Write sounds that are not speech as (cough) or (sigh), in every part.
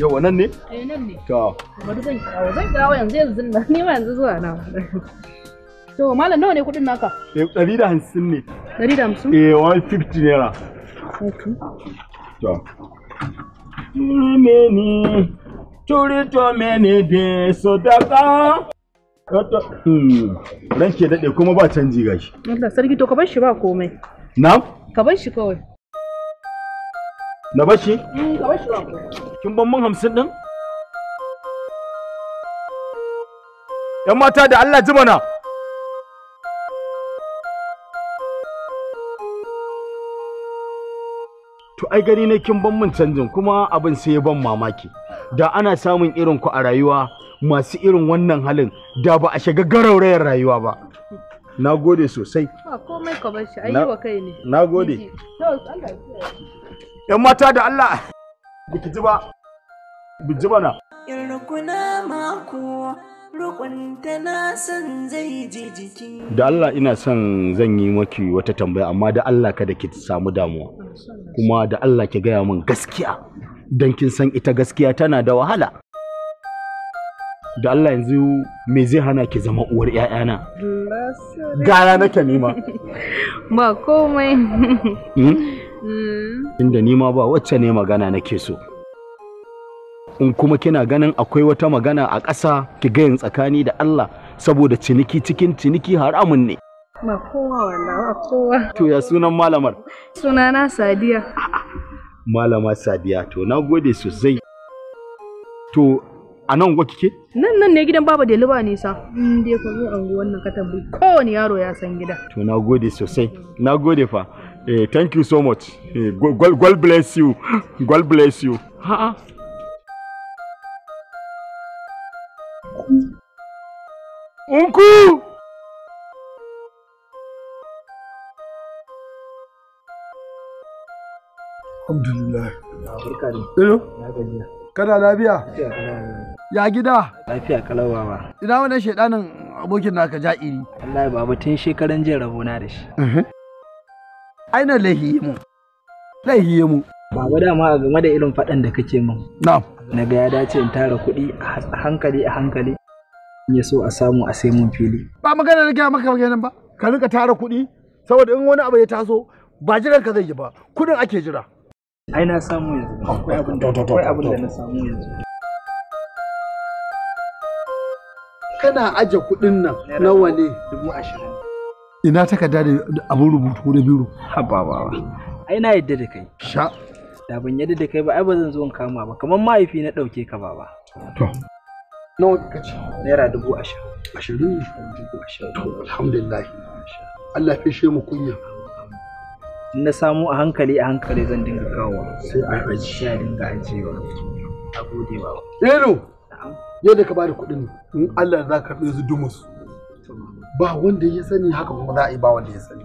Yau nan ne? Eh nan ne. To. Bari zan kawo zan kawo yanzu yanzu nan (laughs) ni ma yanzu zuwa na. (laughs) To malam nawa ne kuɗin naka? Eh ɗari da hamsin ne. Ɗari da hamsin? Eh one fifty naira. To. Mene turi to mene de sodaka. Hmm. Ranke daɗe kuma ba canji gashi. Allah sarki to ka bar shi ba komai. Na? Ka bar shi kawai. Na bashi? Mm, ka bashi ba. Kin ban mun hamsin din ‘Yan mata da Allah ji mana. To ai gani ne kin ban mun canjin kuma abin sai ya ban mamaki. Da ana samun irin ku a rayuwa masu irin wannan halin da ba a shiga garaurayar rayuwa ba. Na gode sosai. Ba komai ka bar ayi wa kai ne. Na gode. 'yan mata da Allah biki ji ba biji bana in rukuna mako rukunta na san zai ji jiki da Allah ina son zan yi maki wata tambaya amma da Allah kada ki samu damuwa kuma da Allah ki gaya min gaskiya dan kin san ita gaskiya tana da wahala da Allah yanzu me zai hana ki zama uwar ‘ya'yana? Gara nake nema. (laughs) Ba komai. Hmm? Inda mm. ni ma ba wacce ne magana nake so. In kuma kina ganin akwai wata magana a ƙasa ki gayin tsakani da Allah saboda ciniki cikin ciniki haramun ne. Ba kowa wanda ba kowa. To ya sunan malamar? Sunana Sadiya. Malama Sadiya to na gode sosai. To a nan gwa kike? Nan nan ne gidan Baba Deliba nisa. In dai ka zo anguwan wannan ka tambayi kowane yaro ya san gida. To na gode sosai. Na gode fa. Eh, thank you so much. Eh, God, God bless you. God bless you. Ha. Uncle! Alhamdulillah. Hello? Ya gida? Lafiya kalawa ba. Ina wannan shaidanin abokin naka ja'iri. Allah ya baba tun shekaran jin rabona da shi. ai na lahiye mu lahiye mu baba dama a game da irin faɗan da kake mu na'am na ga ya dace in tara kuɗi a hankali a hankali in yaso so a samu a sai mun fili ba magana da gaya maka maganan ba ka rika tara kuɗi saboda in wani abu ya taso ba jiran ka zai yi ba kuɗin ake jira ai na samu yanzu akwai abin da akwai abin da na samu yanzu kana aje kuɗin nan nawa ne dubu ashirin ina takarda da abin rubutu da biro haba ba ai na yadda da kai sha da ban yadda da kai ba ai ba zan zo in kama ba kamar mahaifi na dauke ka baba to nawa kika ce naira dubu ashirin ashirin ashirin to alhamdulillah Allah ya fishe mu kunya in na samu a hankali a hankali zan dinga kawo sai a aji sai a dinga ajiyewa a gode baba Ero yadda ka bada kuɗin in Allah za ka karɓe dumus ba wanda ya sani haka kuma za a yi ba wanda ya sani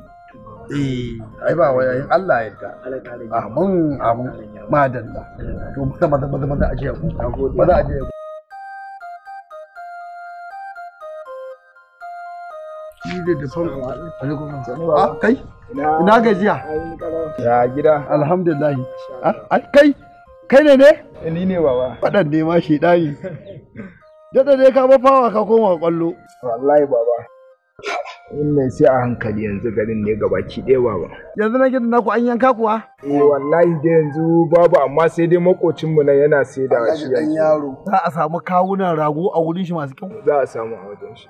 eh ai ba wai Allah ya yarda amin amin madalla to maza maza maza maza aje ku maza aje ku ni da da fan alaikum assalam ah, kai ina gajiya ya gida alhamdulillah ah, ai kai kai ne ne eh, ni ne baba fadan ne ma shi dani dada ne ka ba fawa ka koma kwallo wallahi baba mai sai a hankali yanzu garin ne ga baki ɗaya ba. Yanzu na gidan naku an yanka kuwa? Eh wallahi da yanzu babu amma sai dai mu nan yana sai da shi yanzu. yaro. Za a samu kawunan rago a wurin shi masu kyau? Za a samu a wajen shi.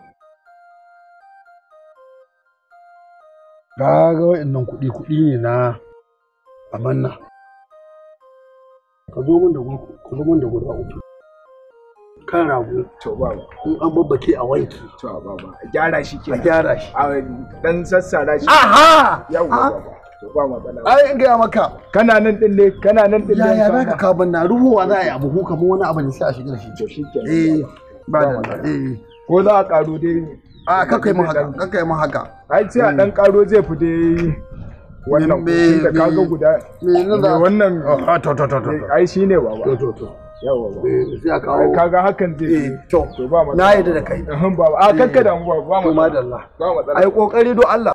Ga ga waɗannan kuɗi kuɗi ne na amanna. Ka zo mun da guda uku. kan rago in an babbake a wanki a gyara shi ke a gyara shi a dan sassara shi aha yawa ah! ai in gaya maka kana nan din ne kana nan din ne yaya zaka ka banna ruhuwa za a yi abu ko kamar wani abu ne sai a shiga shi to shikenan eh ba da eh ko za a karo dai a kakai mun haka kakai mun haka ai sai a dan eh. karo zai fi dai wannan da kaga guda wannan oh, to to to to ai shine baba to to to Eh, sai a kawo eh, kaga hakan zai eh, to na yadda da kai ba a kanka da mu ba ba ah, mu madalla ai kokari do Allah